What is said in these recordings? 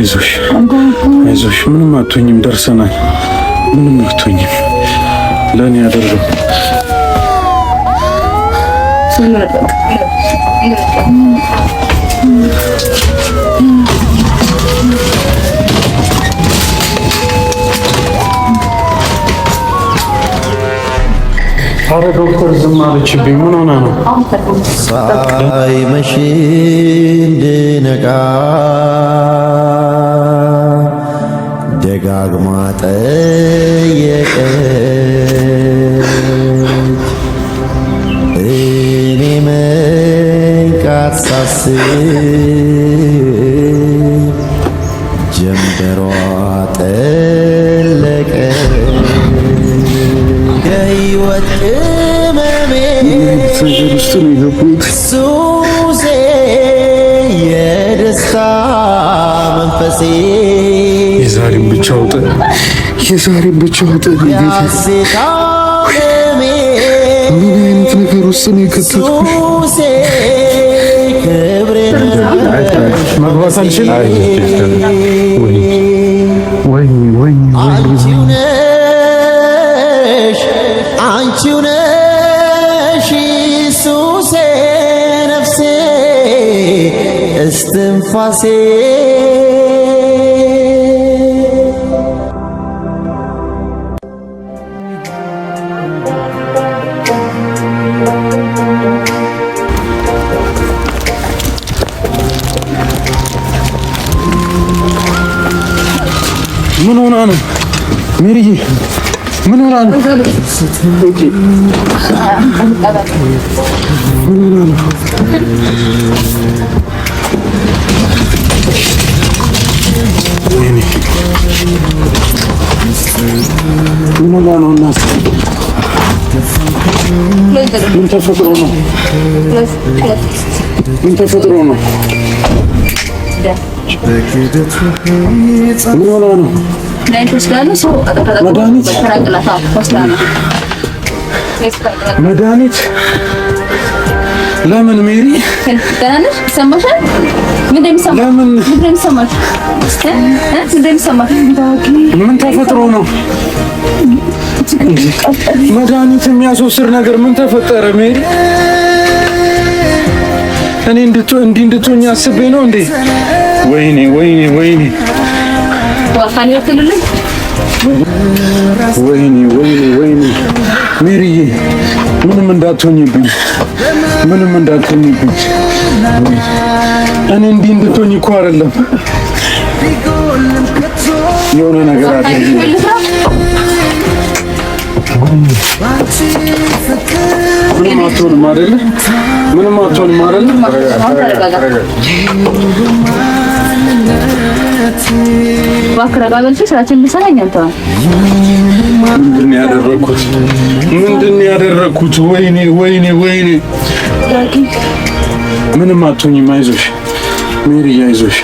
አይዞሽ አይዞሽ፣ ምንም አትሆኝም፣ ደርሰናል። ምንም አትሆኝም። ለእኔ ያደረው ሰላም አረ ዶክተር ዝም አለችብኝ። ምን ሆና ነው? ሳይመሽ እንድነቃ ደጋግማ ጠየቀች። እኔ መንቃት ሳስብ ጀንበሯ የዛሬም ብቻ አውጥን፣ የዛሬም ብቻ አውጥን። ምን አይነት ነገር ውስጥ ነው የከተትኩሽ? መግባት ሜሪዬ ምን ሆና ነው? ምን ሆና ነው እናት? ምን ተፈጥሮ ነው? ምን ተፈጥሮ ነው? ምን ሆና ነው? መድኃኒት ለምን ሜሪ ምን ምን ተፈጥሮ ነው? መድኃኒት የሚያስወስድ ነገር ምን ተፈጠረ ሜሪ? እኔ እንዲህ እንድትሆኝ አስቤ ነው እንዴ? ወይኔ ወይኔ ወይኔ ወይኔ ወይኔ ወይኔ ሜሪዬ ምንም እንዳትሆኝብኝ፣ ምንም እንዳትሆኝብኝ። እኔ እንዲህ እንድትሆኝ እኮ አይደለም የሆነ ነገር አለ። ምንም አትሆንም አይደለ? ምንም አትሆንም አይደለ? ምንድን ያደረግኩት? ወይኔ ወይኔ ወይኔ! ምንም አትሆኝም። አይዞሽ ሜሪ፣ አይዞሽ።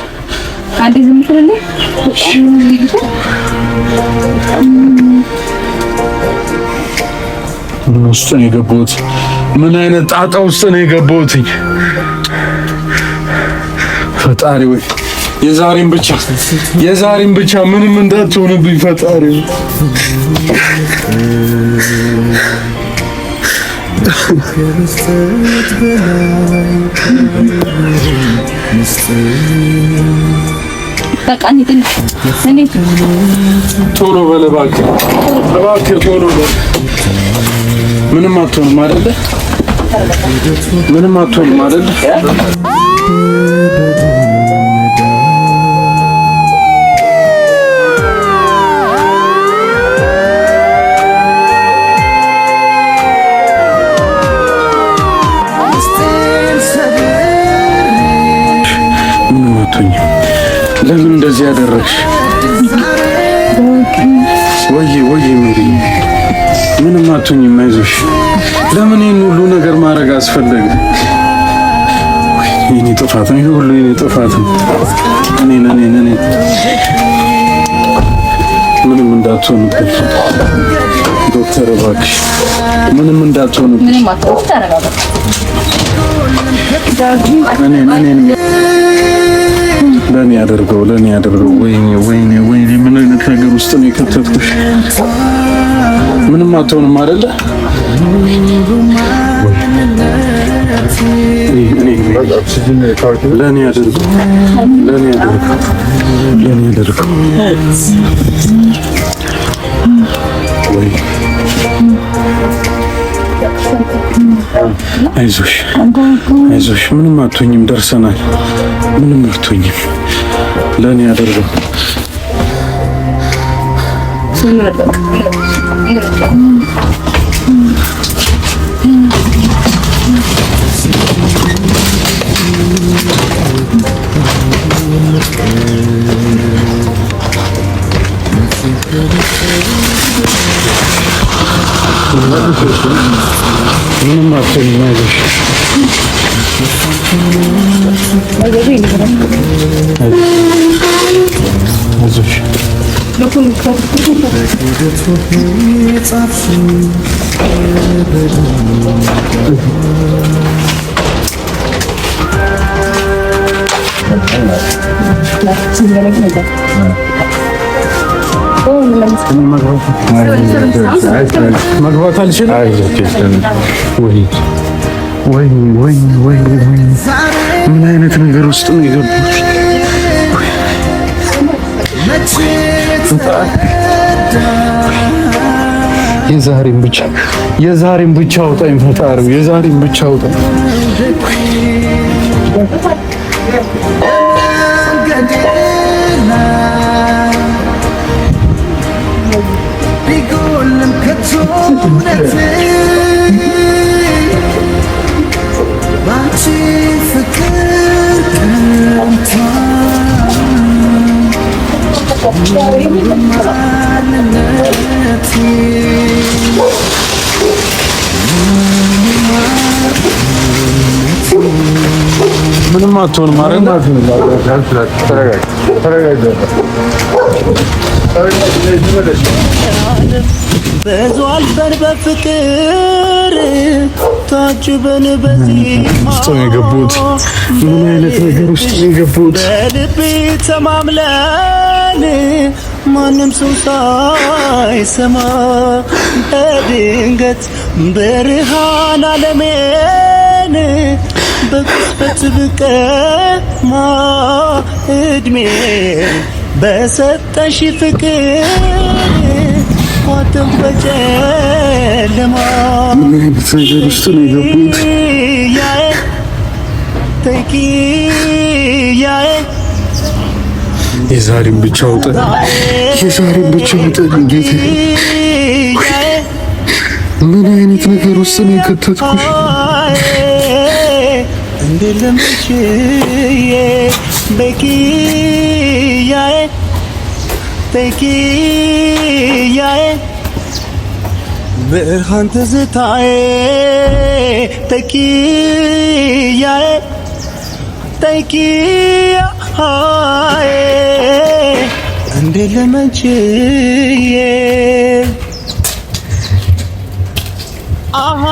ምን ውስጥ ነው የገባሁት? ምን አይነት ጣጣ ውስጥ ነው የገባሁት? ፈጣሪ ወይ Yazarım bıçak. Yazarım bıçak. Mınımın da tonu bir fatarım. Bak anne dinle. Ne ne? Tonu böyle bak. Bak tonu böyle. Benim atom var idi. Benim atom እንደዚህ ያደረግሽ? ወይ ወይ ምሪ ምንም አትሁኝም፣ አይዞሽ። ለምን ይህን ሁሉ ነገር ማድረግ አስፈለገ? የኔ ጥፋት ነው ይሄ ሁሉ የኔ ጥፋት ነው። እኔ ነኝ ነኝ ምንም እንዳትሆንብሽ ዶክተር እባክሽ፣ ምንም እንዳትሆንብሽ ያደርገው ለእኔ ያደርገው። ወይኔ ወይኔ ወይኔ፣ ምን አይነት ነገር ውስጥ ነው የከተትኩሽ? ምንም አትሆንም አይደለ? ለእኔ ያደርገው፣ ለእኔ ያደርገው፣ ለእኔ ያደርገው። አይዞሽ፣ አይዞሽ፣ ምንም አትሆኝም። ደርሰናል። ምንም አትሆኝም። ለእኔ ያደርገው እያለኝ ነበር። መግባት አልችልም። ምን አይነት ነገር ውስጥ ነው የገባሁት? የዛሬን ብቻ የዛሬን ብቻ አውጣኝ ፈጣሪ፣ የዛሬን ብቻ አውጣኝ። Bigo ng katulad Bakit ምንም አትሆንም። በዟልበን በፍቅር ታጅበን በዚህ የገቡት ምን አይነት ነገር ውስጥ የገቡት በልቤ ተማምለን ማንም ሰው ሳይሰማ በድንገት ብርሃን አለሜ ቀን በቅጽበት ብቀማ እድሜ በሰጠሽ ፍቅር ኳተው በጨለማ የዛሬም ብቻ ውጠን የዛሬም ብቻ ውጠን እንዴት ምን አይነት ነገር ውስጥ ነው የከተትኩሽ? ብርሃን ትዝታዬ ተኪያዬ ተኪያዬ እንዴ ለመቼ አሃ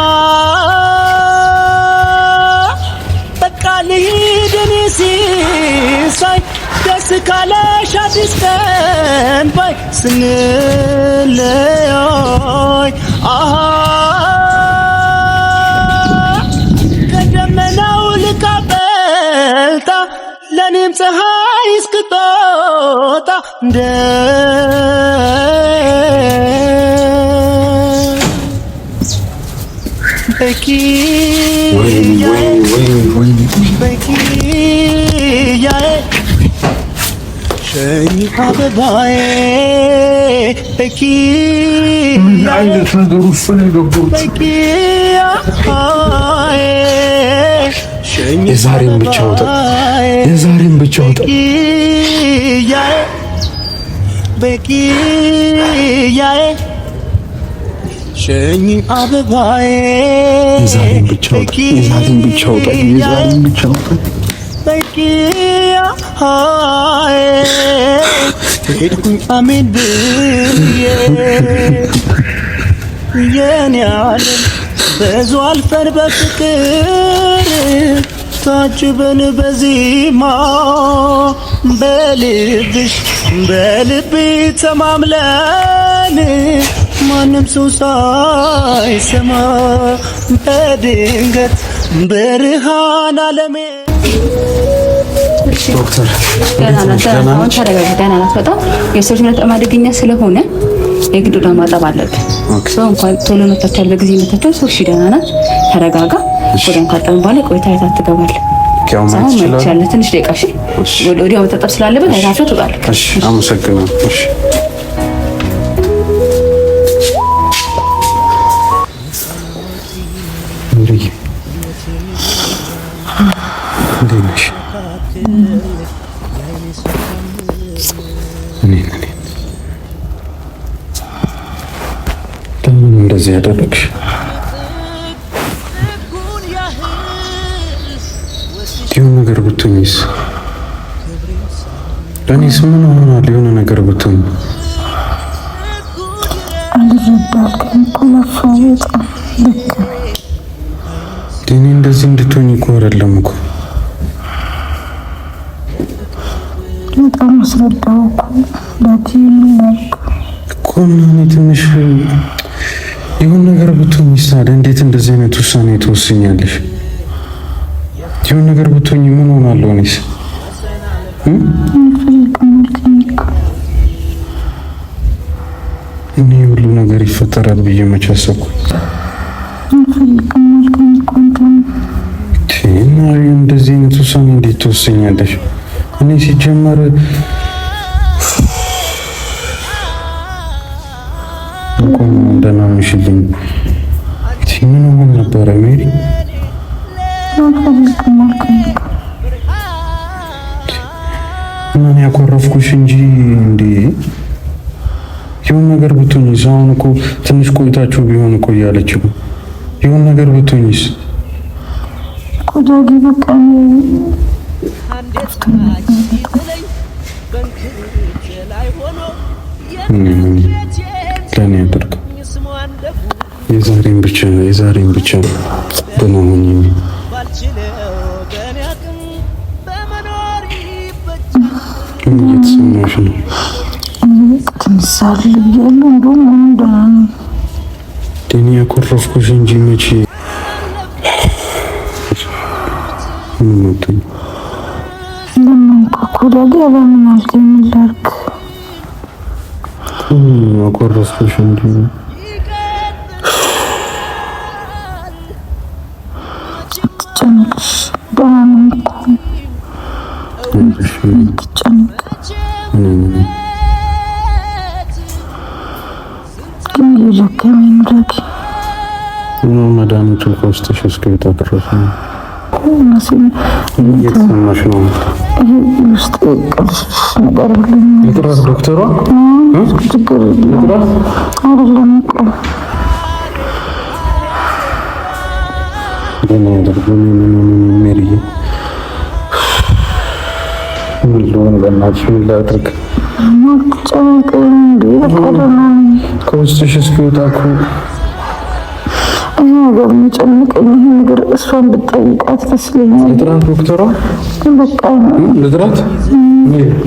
በቃ ልሂድ እኔ ሲሳይ ደስ ካለሽ አዲስ ቀን ባይ ስንለያይ አሃ ከደመናው ልቃበልታ ለኔም ፀሐይ እስክትወጣ እንደ बैठी ya बैठी जाए Şerifat bae peki Aynısını ya doktor. Peki bae Ezarim bıçağıda. Ezarim bıçağıda. Peki ya Peki ya ሸኝ አበባዬ የዛሬን ብቻ ውጣ፣ የዛሬን ብቻ አሜን ብዬ የኔ ዓለም ብዙ አልፈን በፍቅር ታጅበን በዜማ በልብሽ በልቤ ተማምለን ማንም ሰው ሳይሰማ በድንገት ብርሃን አለሜ ዶክተር ደህና ናት። በጣም የሰዎች አደገኛ ስለሆነ የግድ ወደ ማጠብ አለብን። ሰው እንኳን ቶሎ መታቻል፣ በጊዜ መታቻል። ሰው እሺ፣ ደህና ናት፣ ተረጋጋ። ወደን ካጠብን በኋላ ቆይታ አይታ ትገባለህ። ትንሽ ደቂቃ ወዲያው መታጠብ ስላለበት አይታቸው ትወጣለህ። አመሰግናለሁ። እንዴት ነሽ? ለምን እንደዚህ ያደረግሽ? የሆነ ነገር ብትሆኝስ? ለእኔስ ምን ሆናል? የሆነ ነገር ብትሆኝ ልክ እኔ እንደዚህ እንድትሆኝ እኮ አይደለም እኮ በጣም አስረዳው እኮ እኔ ትንሽ ይሁን ነገር ብትሆኝ እንዴት እንደዚህ አይነት ውሳኔ ትወስኛለሽ? ይሁን ነገር ብትሆኝ ምን ሆናለሁ? እኔስ እኔ ሁሉ ነገር ይፈጠራል ብዬ መቼ አሰብኩ? እና እንደዚህ አይነት ውሳኔ እንዴት ትወስኛለሽ? እኔ ሲጀመር እንኳን ደህና ነሽልኝ። ምን ሆን ነበረ ሜሪ? ምን ያኮረፍኩሽ እንጂ እንዴ የሆነ ነገር ብትሆኝስ? አሁን እኮ ትንሽ ቆይታችሁ ቢሆን እኮ እያለች ነው። ነገር ብትሆኝስ? ወዳጌ በቃ ለእኔ ያደርግ የዛሬን ብቻ የዛሬን ብቻ በመሆን እየተሰማሽ ነው? ትንሳል ብያለሁ። እንደውም ደህና ነኝ። ያኮረፍኩሽ እንጂ መቼ Блага я вам нужна, Миллерк. Аккорд слышен тебе. Тянок, бананку. Тянок. Kim yiyecek, kim yiyecek? Ну, мадам, только что сейчас какие-то вопросы. እየተሰማሽ ነው? ውስጥ ነገር የለም። ዶክተሯ ችግር አይደለም። ምን ልሆን በእናትሽ? ምን ላድርግ? ከውስጥሽ እስኪወጣ እኮ እኔ ነገር የሚጨንቀኝ ይህ ነገር እሷን ብጠይቃት ደስ ይለኛል። ዶክተሯ በቃ ልጥራት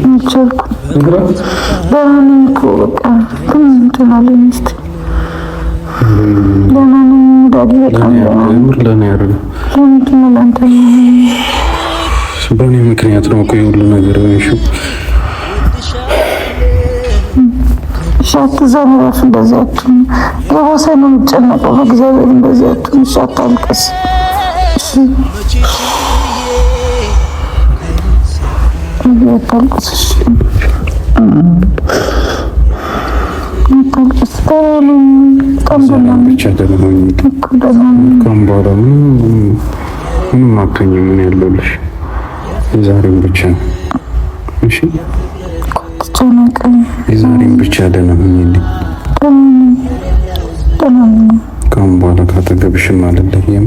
ይቻልኩ ደህና ነኝ እኮ በቃ ግን ደህና ደህና ነኝ ዳጊ በጣም ደህና ነኝ። ለምንድን ነው ለአንተ በእኔ ምክንያት ነው እኮ የሁሉ ነገር ሹ አግዛን ራሱ እንደዚህ አትሁን። ለባሰ ነው የምጨነቀው። በእግዚአብሔር እንደዚህ አትሁን እሺ፣ አታልቀስ እሺ፣ አታልቀስ እሺ፣ አታልቀስ ተራሉ ቀምደና ብቻ ደሆኝ ከም በኋላ ምንም አትሆኝም። ምን ያለውልሽ የዛሬውን ብቻ ነው እሺ የዛሬን ብቻ ደህና ሁኚልኝ። ከአሁን በኋላ ካጠገብሽም አልለይም።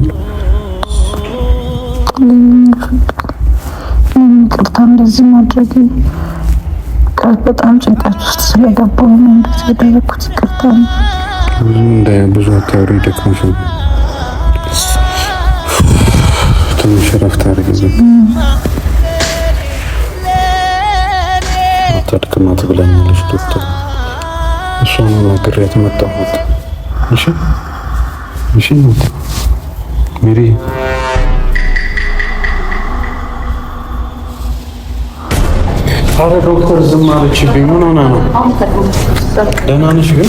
ይቅርታ እንደዚህ ማድረግ በጣም ጭንቀት ውስጥ ስለገባሁ ነው እንደዚህ ያደረኩት። ይቅርታ ነው። ብዙ አታውሪ፣ ደክሞሽ ትንሽ እረፍት አድርጊ። አታድክማት ብለኛለች ዶክተር። እሷን ነገር መጣሁት። እሺ እሺ ሜሪ አረ ዶክተር ዝም አለችብኝ። ምን ሆና ነው? ደህና ነሽ ግን?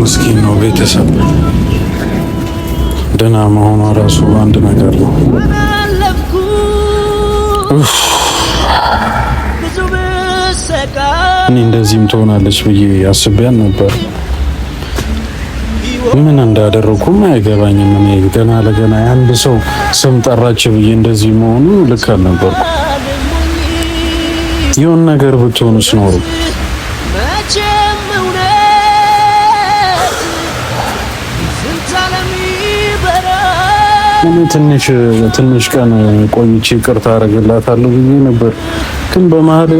ምስኪን ነው። ቤተሰብ ደህና መሆኗ ራሱ አንድ ነገር ነው። እኔ እንደዚህም ትሆናለች ብዬ አስቤያን ነበር። ምን እንዳደረኩም አይገባኝም። እኔ ገና ለገና የአንድ ሰው ስም ጠራች ብዬ እንደዚህ መሆኑ ልክ አልነበርኩም። የሆን ነገር ብትሆንስ ኖሩ እኔ ትንሽ ትንሽ ቀን ቆይቼ ይቅርታ አደርግላታለሁ ብዬ ነበር፣ ግን በመሀል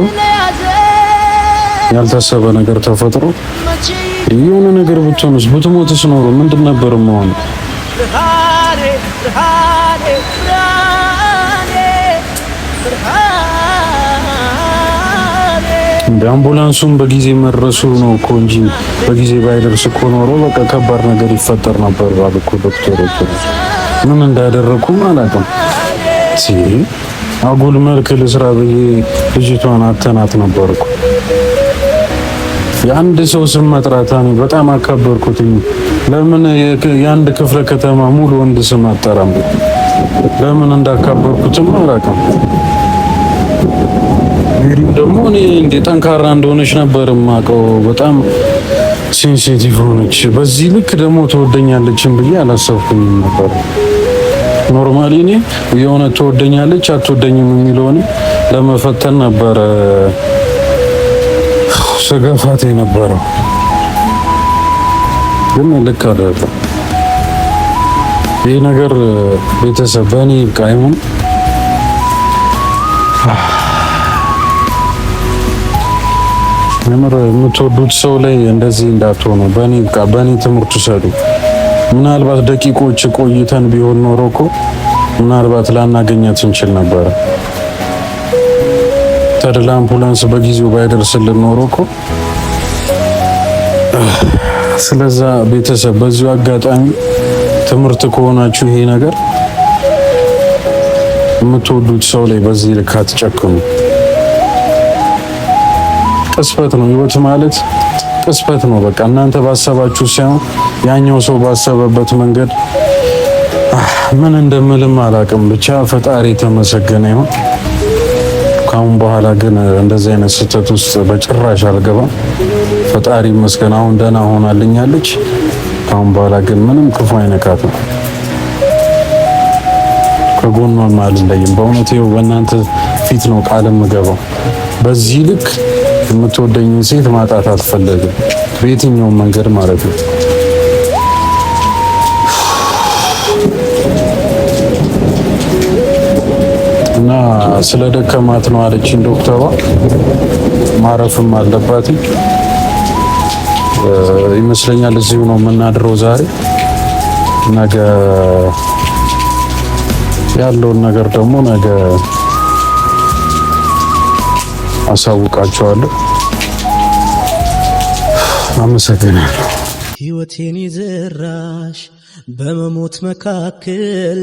ያልታሰበ ነገር ተፈጥሮ የሆነ ነገር ብትሆንስ ብትሞትስ ኖሮ ምንድን ነበር መሆን? እንደ አምቡላንሱን በጊዜ መድረሱ ነው እኮ እንጂ በጊዜ ባይደርስ እኮ ኖሮ በቃ ከባድ ነገር ይፈጠር ነበር አልኩ ዶክተሮች። ምን እንዳደረኩም አላውቅም። ሲ አጉል መልክ ልስራ ብዬ ልጅቷን አተናት ነበርኩ። የአንድ ሰው ስም መጥራት እኔ በጣም አከበርኩትኝ። ለምን የአንድ ክፍለ ከተማ ሙሉ ወንድ ስም አጠራም? ለምን እንዳከበርኩትም አላውቅም። እንግዲህ ደግሞ እኔ እንደ ጠንካራ እንደሆነች ነበር የማውቀው። በጣም ሴንሲቲቭ ሆነች። በዚህ ልክ ደግሞ ትወደኛለችን ብዬ አላሰብኩኝም ነበር። ኖርማሊ እኔ የሆነ ትወደኛለች አትወደኝም የሚለውን ለመፈተን ነበረ ስገፋት የነበረው ግን ልክ አይደለም። ይህ ነገር ቤተሰብ በእኔ ይብቃ ይሁን። የምትወዱት ሰው ላይ እንደዚህ እንዳትሆኑ። በእኔ ይብቃ። በእኔ ትምህርት ውሰዱ። ምናልባት ደቂቆች ቆይተን ቢሆን ኖሮ እኮ ምናልባት ላናገኛት እንችል ነበር። ተድላ አምቡላንስ በጊዜው ባይደርስልን ኖሮ እኮ ስለዛ ቤተሰብ በዚሁ አጋጣሚ ትምህርት ከሆናችሁ ይሄ ነገር የምትወዱት ሰው ላይ በዚህ ልክ አትጨክኑ። ቅስፈት ነው ህይወት ማለት ቅስፈት ነው። በቃ እናንተ ባሰባችሁ ሳይሆን ያኛው ሰው ባሰበበት መንገድ ምን እንደምልም አላቅም። ብቻ ፈጣሪ የተመሰገነ ይሁን። ካሁን በኋላ ግን እንደዚህ አይነት ስህተት ውስጥ በጭራሽ አልገባም። ፈጣሪ ይመስገን፣ አሁን ደህና ሆናልኛለች። ካሁን በኋላ ግን ምንም ክፉ አይነካት ነው። ከጎኗም አልለይም። በእውነት ይኸው በእናንተ ፊት ነው ቃል የምገባው በዚህ ልክ የምትወደኝን ሴት ማጣት አትፈለግም፣ በየትኛውም መንገድ ማለት ነው። እና ስለ ደከማት ነው አለችኝ ዶክተሯ። ማረፍም አለባት ይመስለኛል። እዚሁ ነው የምናድረው ዛሬ። ነገ ያለውን ነገር ደግሞ ነገ አሳውቃቸዋለሁ። አመሰግናለሁ። ህይወቴን ይዘራሽ በመሞት መካከል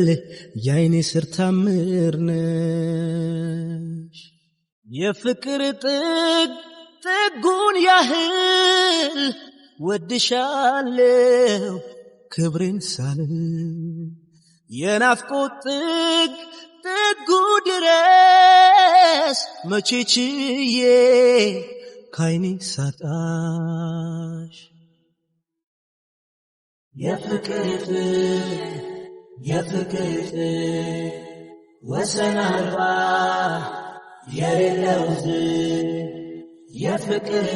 የአይኔ ስር ታምር ነሽ። የፍቅር ጥግ ጥጉን ያህል ወድሻለሁ ክብሬን ሳልል የናፍቆት ጥግ መቼ ችዬ ካይኔ ሳጣሽ የፍቅር የፍቅር ወሰን አልባ የሌለው ዝም የፍቅር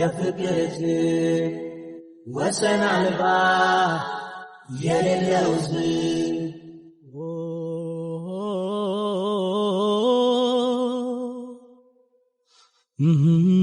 የፍቅር ወሰን አልባ የሌለው Mm-hmm.